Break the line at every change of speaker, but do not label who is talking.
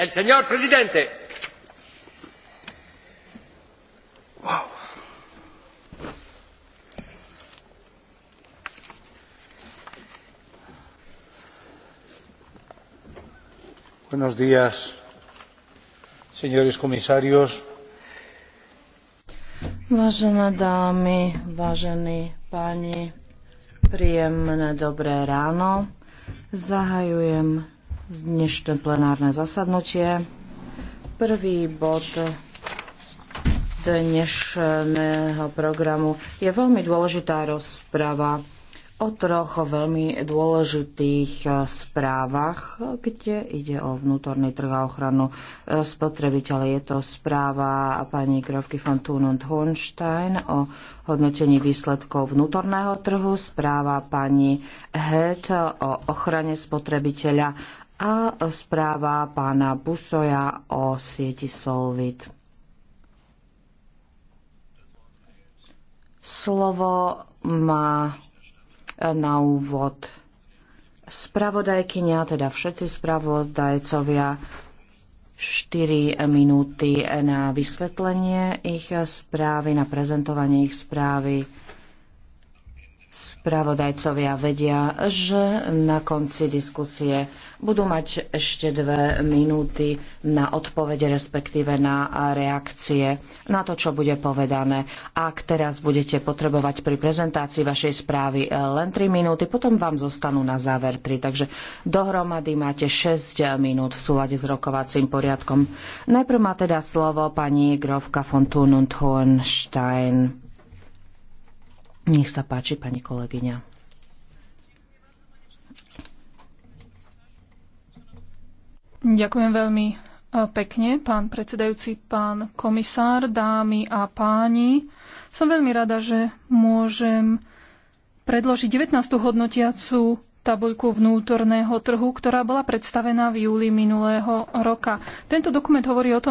El señor presidente. Wow.
Buenos días, señores comisarios. Vážené dámy, vážení páni, príjemné dobré ráno. Zahajujem dnešné plenárne zasadnutie. Prvý bod dnešného programu je veľmi dôležitá rozprava o troch veľmi dôležitých eh, správach, kde ide o vnútorný trh a ochranu eh, spotrebiteľa. Je to správa pani Grovky von Thun und Hornstein o hodnotení výsledkov vnútorného trhu, správa pani Het o ochrane spotrebiteľa a správa pána Busoja o sieti Solvit. Slovo má na úvod spravodajkynia, teda všetci spravodajcovia, 4 minúty na vysvetlenie ich správy, na prezentovanie ich správy. Spravodajcovia vedia, že na konci diskusie budú mať ešte dve minúty na odpovede, respektíve na reakcie na to, čo bude povedané. Ak teraz budete potrebovať pri prezentácii vašej správy len 3 minúty, potom vám zostanú na záver 3. Takže dohromady máte 6 minút v súlade s rokovacím poriadkom. Najprv má teda slovo pani Grofka von Thun und Hohenstein. Nech sa páči, pani kolegyňa.
Ďakujem veľmi e, pekne, pán predsedajúci, pán komisár, dámy a páni. Som veľmi rada, že môžem predložiť 19. hodnotiacu tabuľku vnútorného trhu, ktorá bola predstavená v júli minulého roka. Tento dokument hovorí o tom,